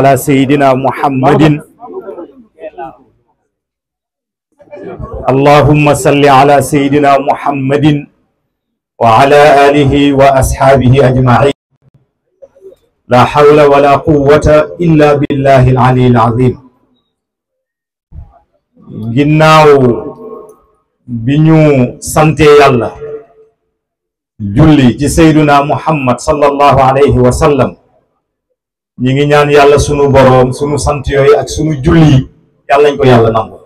على سيدنا محمد اللهم صل على سيدنا محمد وعلى آله وأصحابه أجمعين لا حول ولا قوة إلا بالله العلي العظيم جناو بنو سنتي الله جلي جسيدنا محمد صلى الله عليه وسلم ñi ngi ñaan yalla sunu borom sunu sant yoy ak sunu julli yalla nañ ko yalla nangu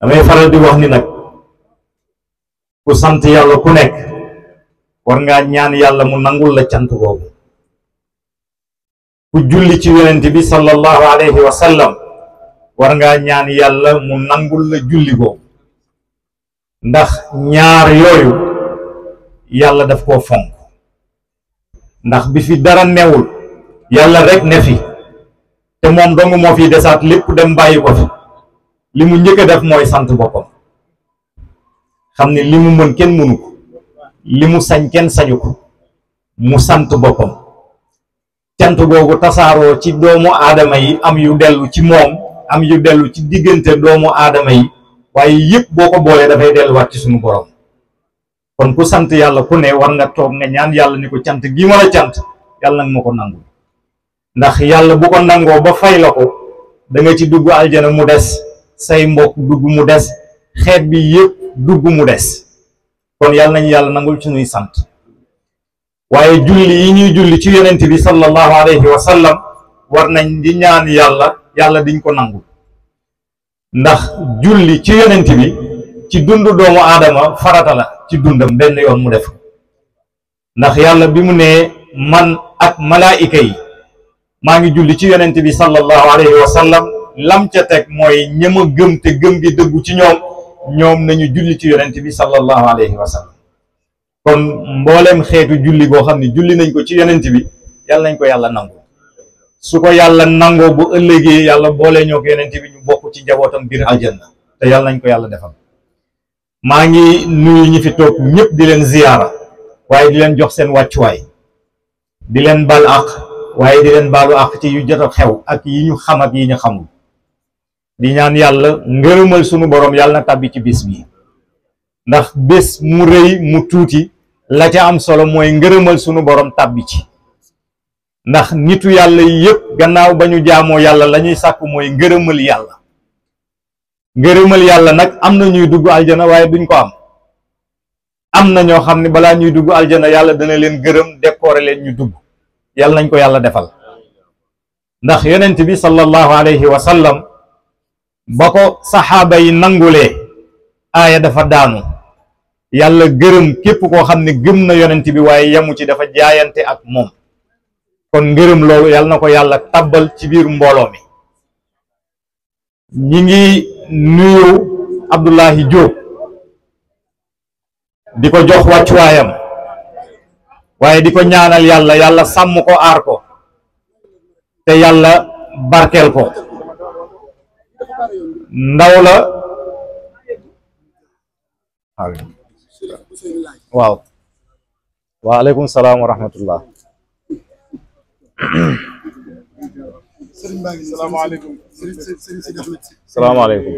damay faral di wax ni nag ku sant yalla ku nek war nga ñaan yalla mu nangul la cant boobu ku julli ci yoonte bi sallallahu alayhi wa sallam war nga ñaan yalla mu nangul la julli boobu ndax ñaar yoyu yalla daf ko fonk ndax bi fi dara newul yàlla rek ne fi te moom dong moo fi desaat lépp dem bàyyi ko fi li mu njëkk a def mooy sant boppam xam ne li mu mën kenn mënu ko li mu sañ kenn sañu ko mu sant boppam cant googu tasaaroo ci doomu aadama yi am yu dellu ci moom am yu dellu ci diggante doomu aadama yi waaye yëpp boo ko boolee dafay delluwaat ci sunu borom kon ku sant yàlla ku ne war nga toog nga ñaan yàlla ni ko cant gi ma la cant yàlla na ma ko nangu ndax yàlla bu ko nangoo ba fay la ko danga ci dugg aljana mu des say mbokk dugg mu des xeet bi yëpp dugg mu des kon yàlla nañu yàlla nangul ci ñuy sant waaye julli yi ñuy julli ci yonent bi sallallahu alayhi wa war nañ di ñaan yàlla yàlla diñ ko nangul ndax julli ci yonent bi ci dund doomu aadama farata la ci dundam benn yoon mu def ndax yàlla bi mu nee man ak malaayika yi maa ngi julli ci yonent bi sallallahu alayhi wa sallam teg mooy ñëm gëm te gëm gi dëggu ci ñoom ñoom nañu julli ci yonent bi sallallahu alayhi wa kon mbooleem xeetu julli boo xam ne julli nañ ko ci yonent bi yàlla nañ ko yàlla nangu su ko yàlla nangoo bu ëllëgee yàlla boole ñoo ko yonent bi ñu bokk ci njabootam biir aljanna te yàlla nañ ko yàlla defal maa ngi nuyu ñi fi toog ñëpp di leen ziyaara waaye di leen jox seen wàccuwaay di leen bal àq waaye di leen baalu àq ci yu jot xew ak yi ñu xam yi ñu xamul di ñaan yàlla ngërëmal sunu borom yàlla na tàbbi ci bis bi ndax bés mu rëy mu tuuti la ca am solo mooy ngërëmal sunu borom tàbbi ci ndax nitu yàlla yëpp gannaaw ba ñu jaamoo yàlla lañuy ñuy sàkk mooy ngërëmal yàlla ngërëmal yàlla nag am na ñuy dugg aljana waaye duñ ko am am na ñoo xam ne balaa ñuy dugg aljana yàlla dana leen gërëm décorer leen ñu dugg yàlla nañ ko yàlla defal ndax yonent bi sallallahu alayhi wa sallam ba ko saxaaba yi nangulee aaya dafa daanu yàlla gërëm képp koo xam ne gëm na yonent bi waaye yamu ci dafa jaayante ak moom kon ngërëm loolu yàlla na ko yàlla tabbal ci biir mbooloo mi ñi ngi nuyu Abdoulahi Diop di ko jox wàccuwaayam waaye di ko ñaanal yàlla yàlla sàmm ko aar ko te yàlla barkel ko ndaw la waaw waaleykum salaam wa salaamaaleykum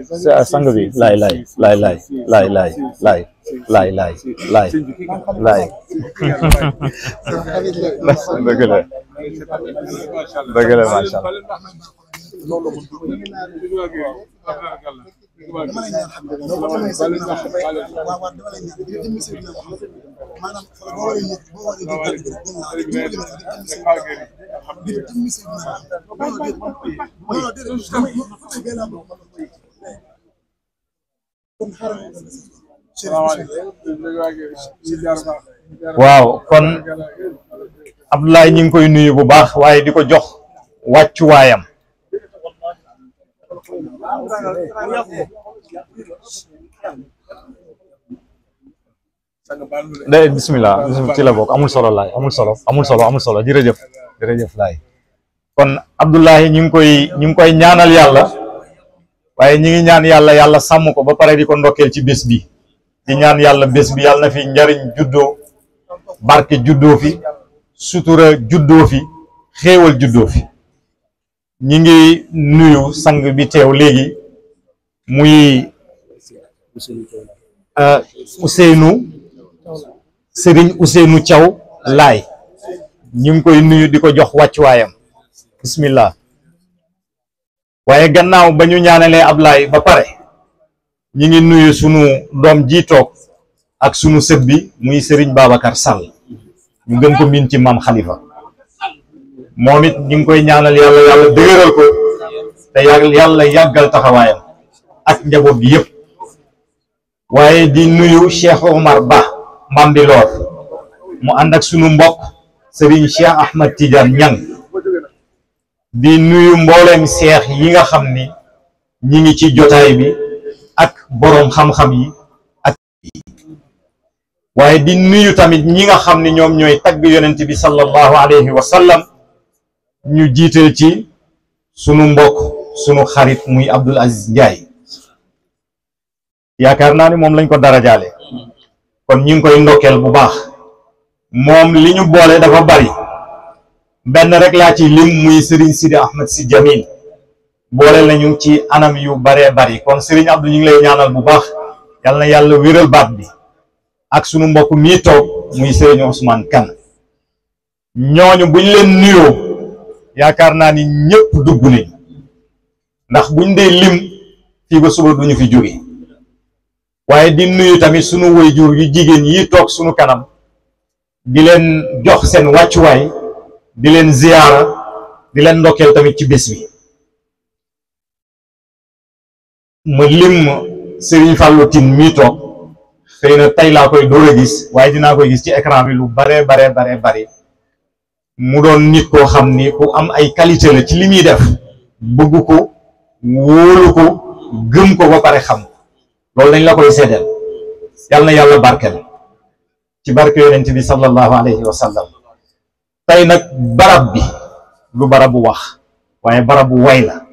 sang bi laay laay lay laay laay laay lay laay laay laay laay dëgg la allah dama lay kon xaaral waaw kon Abdoulaye ñu ngi koy nuyu bu baax waaye di ko jox wàccuwaayam déedéet bisimilah ci la bokk amul solo laay amul solo amul solo amul solo jërëjëf jërëjëf laay kon Abdoulahi ñu ngi koy ñu ngi koy ñaanal yàlla waaye ñu ngi ñaan yàlla yàlla sàmm ko ba pare di ko ndokkeel ci bés bi di ñaan yàlla bés bi yàlla na fi njariñ juddoo barke juddo fi sutura juddoo fi xéewal juddoo fi ñi ngi nuyu sang bi teew léegi muy euh, Ousseynou Serigne Ousseynou caw lay ñu ngi koy nuyu di ko jox wàccuwaayam bismillah waaye gannaaw ba ñu ñaanalee Ablaay ba pare ñi ngi nuyu sunu doom ji toog ak sunu sët bi muy Serigne Babacar Sall ñu gën ko miin ci maam Khalifa moom it ñu ngi koy ñaanal yàlla yàlla dëgëral ko te yàlla yàggal taxawaayam ak njaboot bi yëpp waaye di nuyu Cheikh Omar Ba Mbambilor mu ànd ak sunu mbokk Serigne Cheikh Ahmad Tidiane Niang di nuyu mbooleem seex yi nga xam ni ñi ngi ci jotaay bi ak boroom xam-xam yi ak waaye di nuyu tamit ñi nga xam ni ñoom ñooy tagg yonent bi sallallahu alayhi wa sallam ñu jiital ci sunu mbokk sunu xarit muy Abdoul Aziz Ndiaye yaakaar naa ni moom lañ ko darajaale kon ñu ngi koy ndokkeel bu baax moom li ñu boole dafa bari benn rek laa ci lim muy Serigne Sidi Ahmed si Jamil boole nañu ci anam yu baree bari kon Serigne Abdou ñu lay ñaanal bu baax yal na yàlla wéral baat bi ak sunu mbokk mii toog muy Serigne Ousmane Kane ñooñu buñ leen nuyoo. yaakaar naa ni ñëpp dugg nañ ndax buñ dee lim fii ba suba duñu fi jóge waaye di nuyu tamit sunu waajur yu jigéen yi toog sunu kanam di leen jox seen wàccuwaay di leen ziyaara di leen ndokkeel tamit ci bés bi ma lim Serigne Fallou Tine mii toog xëy na tey laa koy door a gis waaye dinaa koy gis ci écran bi lu bare bare bare bare mu doon nit koo xam ni ku am ay qualité la ci li muy def bëgg ko wóolu ko gëm ko ba pare xam loolu dañ la koy seddeel yal na yàlla barkeel ci barke yonent bi sallallahu alayhi wa sallam nag barab bi lu bu wax waaye barabu way la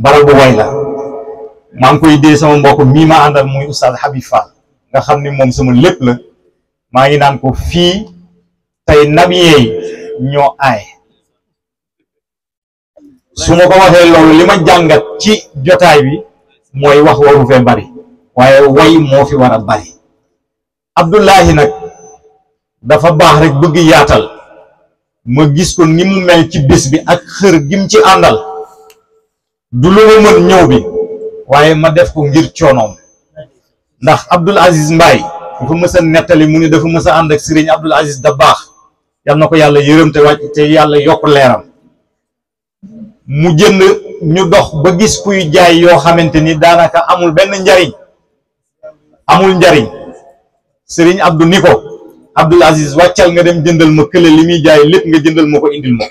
barabu way la maa ngi koy dee sama mbokk mii ma àndal muy Oustaz Habib Fall nga xam ni moom sama lépp la maa ngi naan ko fii tey nabiyee yi ñoo aay su ma ko waxee loolu li ma jàngat ci jotaay bi mooy wax waru fee bari waaye way moo fi war a bari Abdullahi nag dafa baax rek bëgg yaatal ma gis ko ni mu mel ci bis bi ak xër gim ci àndal du lu ma mën ñëw bi waaye ma def ko ngir coonoom ndax Abdul Aziz Mbaye dafa mës a nettali mu ne dafa mësa a ànd ak Sëriñ Abdul Aziz da baax yal na ko yàlla yërëm te wàcc te yàlla yokk leeram mu jënd ñu dox ba gis kuy jaay yoo xamante ni daanaka amul benn njariñ amul njariñ sëriñ Abdou ni ko Abdoul wàccal nga dem jëndal ma kële li muy jaay lépp nga jëndal ma ko indil ma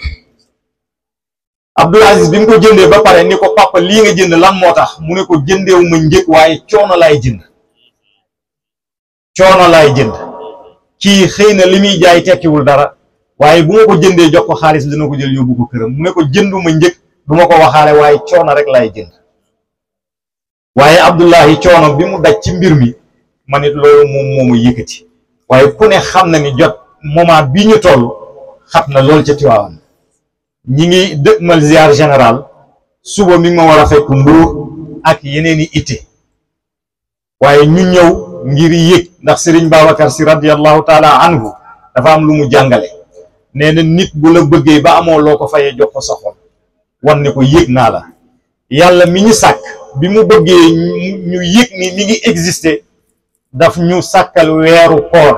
Abdoul bi mu ko jëndee ba pare ni ko papa lii nga jënd lan moo tax mu ne ko jëndeewu ma njëg waaye coono laay jënd coono laay jënd kii xëy na li muy jaay tekkiwul dara waaye bu ma ko jëndee jox ko xaalis bi dana ko jël yóbbu ko këram mu ne ko jënduma njëg du ma ko waxaale waaye coono rek laay jënd waaye Abdullahi coono bi mu daj ci mbir mi ma it loolu moom moo ma yëkkati waaye ku ne xam na ni jot moment bi ñu toll xat na lool ca Tiwaawan ñi ngi dëgmal ziar général suba mi ngi ma war a fekk Mbuur ak yeneen i itte waaye ñu ñëw ngir yëg ndax sëriñ Babacar si radiyallahu taala anhu dafa am lu mu jàngale nee na nit bu la bëggee ba amoo loo ko fayee jox ko sa wan ne ko yëg naa la yàlla mi ñu sàkk bi mu bëggee ñu yëg ni mi ngi existe daf ñu sàkkal weeru koor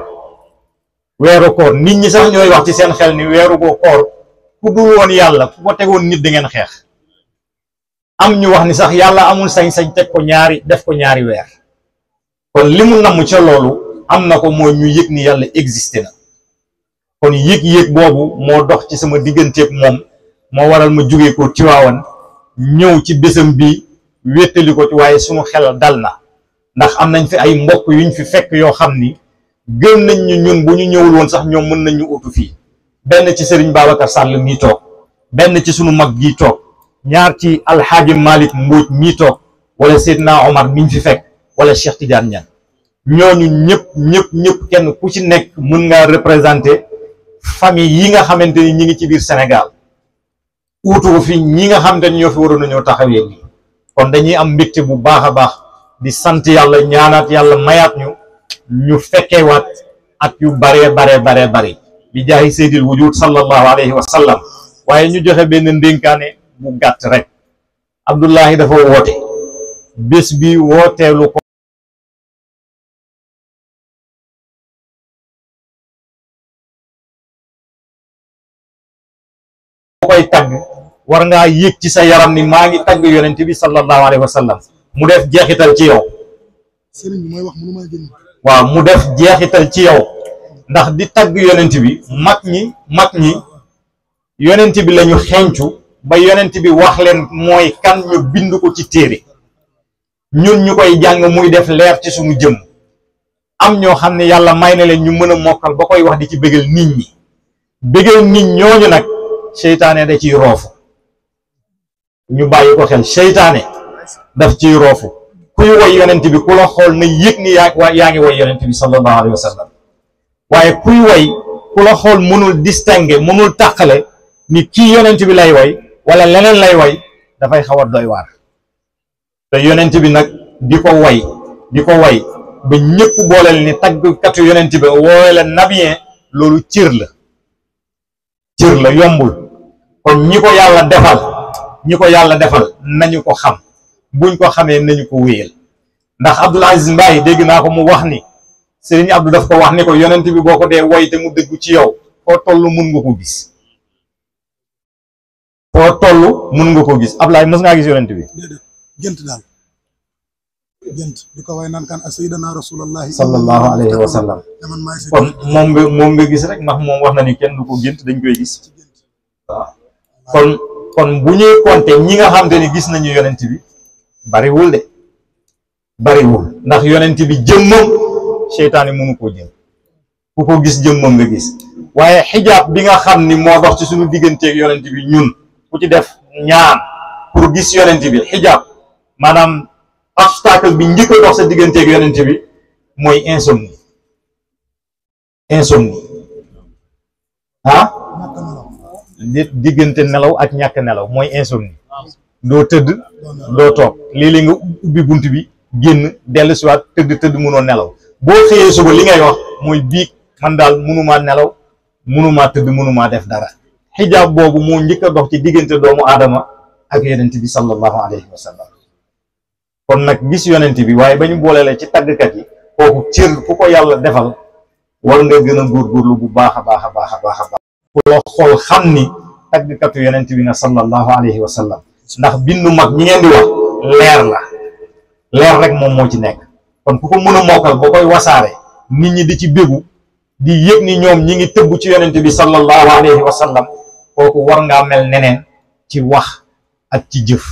weeru koor nit ñi sax ñooy wax ci seen xel ni weeru ko koor ku dul woon yàlla ku ko tegoon nit da ngeen xeex am ñu wax ni sax yàlla amul sañ-sañ teg ko ñaari def ko ñaari weer kon li mu namm ca loolu am na ko mooy ñu yëg ni yàlla existe na kon yëg-yëg boobu moo dox ci sama digganteeg moom moo waral ma jugee ko waawan ñëw ci bésam bi wéttali ko waaye suñu xel dal na ndax am nañ fi ay mbokk yuñ fi fekk yoo xam ni gën nañ ñu ñun bu ñu ñëwul woon sax ñoom mën nañ ñu utu fii benn ci sëriñ Babacar Sall mii toog benn ci sunu mag gii toog ñaar ci alxaaji Malick Mbóoj mii toog wala Seydina Omar niñ fi fekk wala Cheikh Tidiane Niang ñooñu ñëpp ñëpp ñëpp kenn ku ci nekk mën ngaa représenté famille yi nga xamante ni ñi ngi ci biir Sénégal uutu fi ñi nga xamante ni ñoo fi waroon a ñoo taxawee nii kon dañuy am mbégte bu baax a baax di sant yàlla ñaanaat yàlla mayaat ñu ñu fekkeewaat at yu baree baree bare bari bi jaayi seydil wujud sallallahu alayhi wa sallam waaye ñu joxe benn ndénkaane bu gàtt rek Abdullahi dafa woote bés bi wooteelu ko war ngaa yëg ci sa yaram ni maa ngi tagg yonent bi sallallahu alayhi wa sallam mu def jeexital ci yow sëriñ waaw mu def jeexital ci yow ndax di tagg yonent bi mag ñi mag ñi yonent bi lañu xencu ba yonent bi wax leen mooy kan ñu bind ko ci téere ñun ñu koy jàng muy def leer ci suñu jëm am ñoo xam ne yàlla may na leen ñu mën a mokkal ba koy wax di ci bégal nit ñi bégal nit ñooñu nag seytaane da ciy roofu ñu bàyyi ko xel seytaane daf ciy roofu kuy woy yonent bi ku la xool na yëg ni yaa ngi woy yonent bi sallallahu alayhi wa sallam waaye kuy woy ku la xool mënul distinguer mënul tàqale ni kii yonent bi lay woy wala leneen lay woy dafay xaw a doy waar te yonent bi nag di ko woy di ko woy ba ñëpp booleel ni taggkatu yonent bi woowe la nabien loolu cër la cër la yombul kon ñi ko yàlla defal ñi ko yàlla defal nañu ko xam buñ ko xamee nañu ko wéyal ndax Abdoul Aziz Mbaye dégg naa ko mu wax ni Serigne Abdou daf ko wax ni ko yonent bi boo ko dee woy te mu dëggu ci yow foo toll mun nga ko gis foo toll mun nga ko gis Abdoulaye mës ngaa gis yonent bi gént daal gént di ko way naan kan a sayyidina rasulullahi kon moom nga moom nga gis rek ndax moom wax na ni kenn du ko gënt dañ koy gis waaw kon bu ñuy compter ñi nga xam ni gis nañu yonent bi bariwul de bariwul ndax yonent bi jëmmam seytaane mënu koo jël ku ko gis jëmmam nga gis waaye xijaab bi nga xam ni moo dox ci suñu digganteeg yonent bi ñun ku ci def ñaan pour gis yonent bi xijaab maanaam obstacle bi njëkk a dox sa digganteeg yonent bi mooy insome insomnie insomnie ah diggante nelaw ak ñàkk nelaw mooy insomnie doo tëdd doo toog lii léeg nga ubbi bunt bi génn dellu siwaat tëdd tëdd mënoo nelaw boo xëyee suba li ngay wax mooy biig man daal mënumaa nelaw mënumaa tëdd mënumaa def dara xijaab boobu mu njëkk a dox ci diggante doomu aadama ak yonent bi sallallahu alayhi wa sallam kon nag gis yonent bi waaye ba ñu boolee ci tàggkat yi kooku cër ku ko yàlla defal war nga gën a góorgóorlu bu baax a baax a baax a baax a baax wala xool xam ni tàggkatu yonent bi na sallallahu alayhi wa sallam ndax bindu mag ñi ngeen di wax leer la leer rek mom mo ci nek kon ku ko mëna mokal bokoy wasare nit ñi di ci bëggu di yek ni ñom ñi ngi tebbu ci yonent bi sallallahu alayhi wa sallam kooku war nga mel neneen ci wax ak ci jëf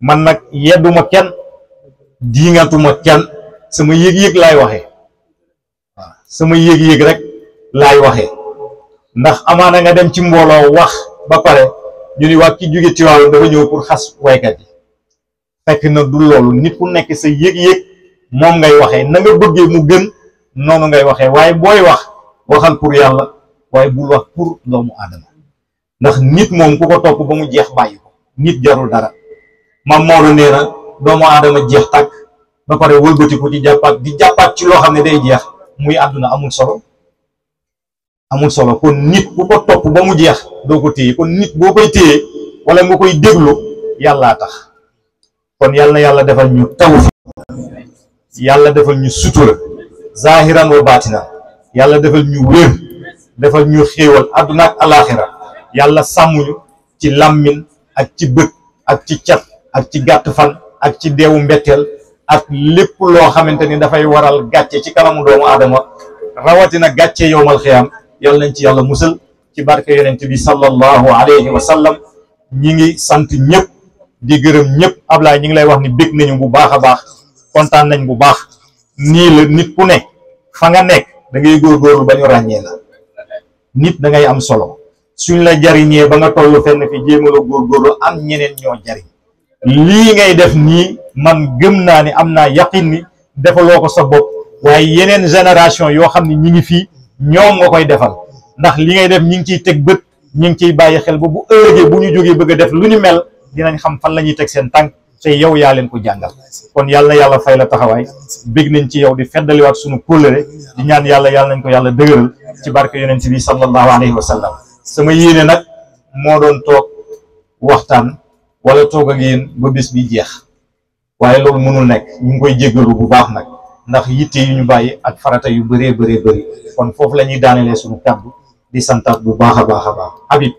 man nak yeduma kenn diingatuma kenn sama yeg yeg lay waxe sama yeg yeg rek lay waxe ndax amana nga dem ci mbolo wax ba pare ñu ni waa ki ci walu dafa ñëw pour way kat yi fekk na du loolu nit ku nekk sa yëg-yëg mom ngay waxee na nga bëggee mu gën nonu ngay waxee waye boy wax waxal pour yalla waye bu wax pour doomu aadama ndax nit mom ku ko top ba mu jeex bayyi ko nit jarul dara maam Maodo nee na doomu aadama jeex tak ba pare ko di jappat di jappat ci lo xam day jeex muy aduna amul solo amul solo kon nit bu ko topp ba mu jeex doo ko téye kon nit boo koy téyee wala nga koy déglu yàllaa tax kon yàlla na yàlla defal ñu tawfiq yàlla defal ñu sutura zahiran wa baatinan yàlla defal ñu wér defal ñu xéewal àdduna ak alaxira yàlla sàmmuñu ci làmmin ak ci bët ak ci cat ak ci gàtt fan ak ci deewu mbetteel ak lépp loo xamante ni dafay waral gàcce ci kanamu doomu aadama rawatina gàcce yowmal xiyaam yal na ci yàlla musal ci barke yonent bi sallallahu alayhi wa sallam ñi ngi sant ñëpp di gërëm ñëpp Ablaye ñi ngi lay wax ni bég nañu bu baax a baax kontaan nañ bu baax nii la nit ku nekk fa nga nekk da ngay góorgóorlu ba ñu ràññee la nit dangay am solo suñ la jariñee ba nga tollu fenn fi jéem góor la am ñeneen ñoo jariñ lii ngay def nii man gëm naa ni am naa yaqin ni defaloo ko sa bopp waaye yeneen génération yoo xam ne ñi ngi fii ñoom nga koy defal ndax li ngay def ñi ngi ciy teg bët ñi ciy bàyyi xel ba bu ëllëgee bu ñu jógee bëgg a def lu ñu mel dinañ xam fan la ñuy teg seen tànk te yow yaa leen ko jàngal kon yàlla na yàlla fay la taxawaay bég nañ ci yow di feddaliwaat suñu kóllëre di ñaan yàlla yàlla nañ ko yàlla dëgëral ci barke yonent bi sallallahu alayhi wa sallam sama yéene nag moo doon toog waxtaan wala toog ak yéen ba bis bi jeex waaye loolu mënul nekk ñu ngi koy jéggalu bu baax nag ndax yitté yu ñu bayyi ak farata yu bëré bëré bëri kon fofu lañuy ñuy suñu kàddu di santaat bu baaxa baaxa baax Habib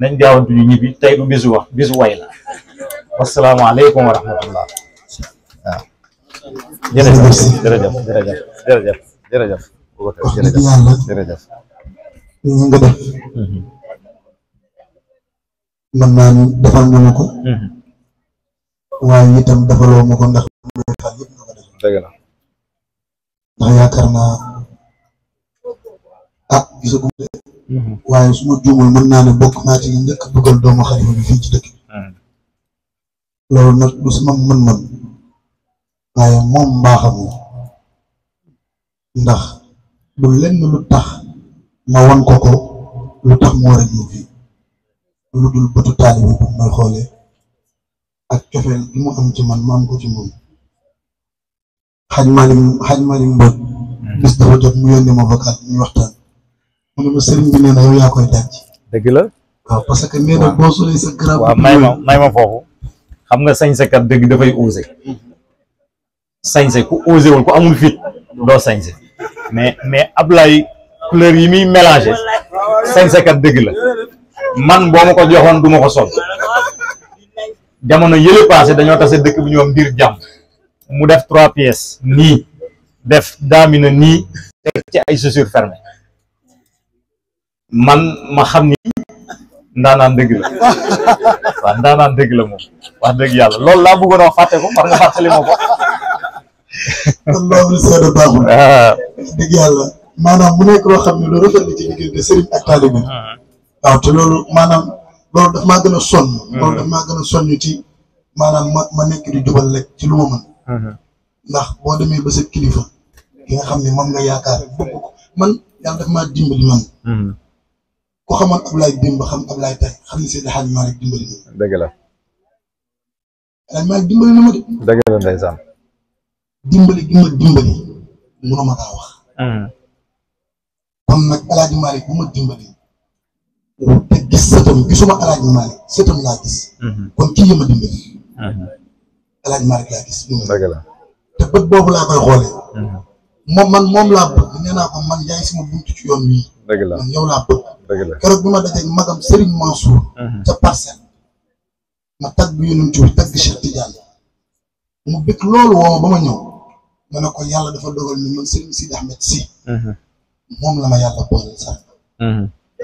nañ jaawantu ñu ñibi tay du bisu wax bisu way la alaykum wa rahmatullah waaw jërëjëf jërëjëf jërëjëf jërëjëf jërëjëf jërëjëf mhm. man naa defal nga ko mhm. waaye itam defaloo ma ko ndax dëgg la ndax yaakaar naa ah gisagum mhm. waaye su ma mën naa ne bokk naa ci njëkk dugal doomu xalifa fii ci dëkk mhm. loolu nag du sama mën-mën waaye moom mbaaxam ndax du lenn lu tax ma wan ko ko lu tax mu war a ñëw lu dul bëtu taalibe bi bu xoolee ak cofeel gi mu am ci man ma am ko ci moom xaj maalim xaj maalim mbóot bis dafa jot mu yónni ma vocal ñuy waxtaan mu ne ma sëriñ bi nee na yow yaa koy daj. dëgg la. waaw parce que nee na boo solee sa garab. waaw may ma may ma foofu. xam nga sañsekat dëgg dafay osé. sañse ku osé wul ku amul fit doo sañse mais mais Ablaye couleur yi muy mélangé sañsekat dëgg la man boo ma ko joxoon du ma ko sol jamono yële passé dañoo tase dëkk bu ñu wax mbir jàmm. mu def trois pièces ni def damina ni tek ci ay chaussures fermées man ma xam ni ndaanaan dëgg la wa ndaanaan deug la mo wax deug yalla loolu la bëggono faté ko par nga fàttali ma ko do seede baaxul ah. deug yalla manam mu nek lo xamni lo lu rafet ci ligue diggante sëriñ ak taalibe ah. waaw te lolou manam lolou daf ma gëna son lolou loolu daf maa gën a hmm. ci manam ma nek di jubal lek ci luma man Uh-huh. ndax boo demee ba sa kilifa ki xam ne moom nga yaakaar bëgg man yàlla dafa maa dimbali man. Uh-huh. ku xamoon Ablaye Dimba xam Ablaye tey xam ne Seydou Hadj Malick dimbali na de. dëgg la ndeysaan. dimbali gi dimbali mënuma kaa wax. Uh-huh. kon nag El Hadj Malick dimbali. te gis sëtam gisuma El Hadj Malick sëtam gis. kon kii ma dimbali. El Hadj Malick laa la te bët boobu laa koy xoolee. Mhm. moom man moom laa bëgg nee naa ko man yaay sama buntu ci yoon yi dëgg la man yow laa bëgg. ma la keroog bi ma dajeeg magam Serigne Mansour. Mhm. ca parcelle. ma tagg yonent bi tagg Cheikh Tidiane. mu bëgg loolu woo ba ma ñëw. ma ne ko yàlla dafa dogal ni man Serigne Sidi Ahmed si. Mhm. moom la ma yàlla boole sax.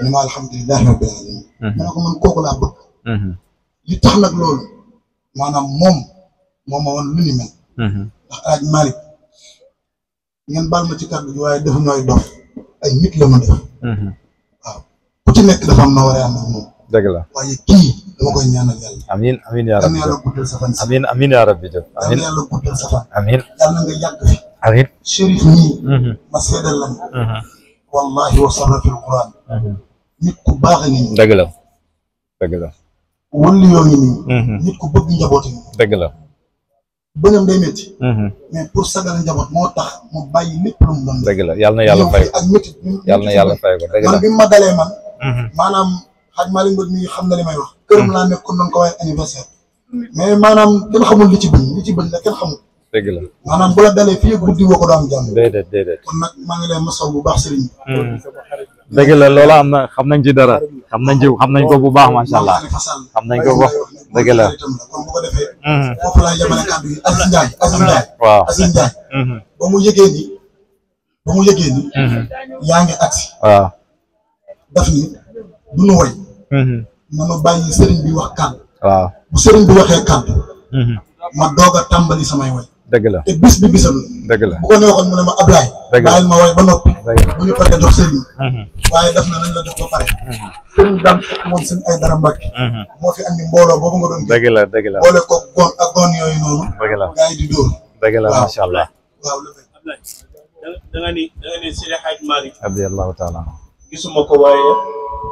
ni ma alhamdulilah rabbil ma ne ko man kooku laa bëgg. li tax nag loolu maanaam moom. moom moo lu ni mel. Mhm. ndax El Hadj Malick ngeen ma ci kàddu gi waaye dafa ñooy dof la ma def. Mhm. waaw ku ci nekk dafa am na war a am ak moom. dëgg la waaye kii dama koy ñaanal yàlla. amiin amiin yaa rabbi mhm. wallahi wa sarratul quran. nit ku baax a ngi nii. dëgg ku bëgg njabooti nii. la. bëggam day métti. Mhm. mais pour sagal njaboot moo tax mu bàyyi lépp lu mu doon. dëgg la yàlla na yàlla fay ko ak yàlla na yàlla fay ko man bi ma dalee man. Mhm. maanaam xaj xam na li wax. këram mhm. laa nekkoon nañ ko waaye anniversaire. mais maanaam kenn xamul li ci bëñ li ci bëñ la kenn xamul. dëgg la maanaam bu la guddi woo ko doo am jàmm. déedéet déedéet kon nag maa ngi baax sëriñ bi. la loola am na xam nañ ci dara. xam na ci xam nañ ko bu baax macha allah xam nañ ko bu dëgg la kon bu ko defee. foofu laa yemale kàddu yi woy. nanu bàyyi sëriñ bi wax kàddu. waaw bu sëriñ bi waxee kàddu. Mhm. ma samay woy. dëgg la te bis bi bisam bu ko neexoon mu ne ma Ablaye. dëgg la ma way ba noppi. bu ñu paree jox sëriñ. Mhm. waaye daf na nañ la jox ba mhm. moom seen ay dara mbàkk. Mhm. moo fi andi mbooloo boobu nga doon. dëgg dëgg la dëgg la gaa yi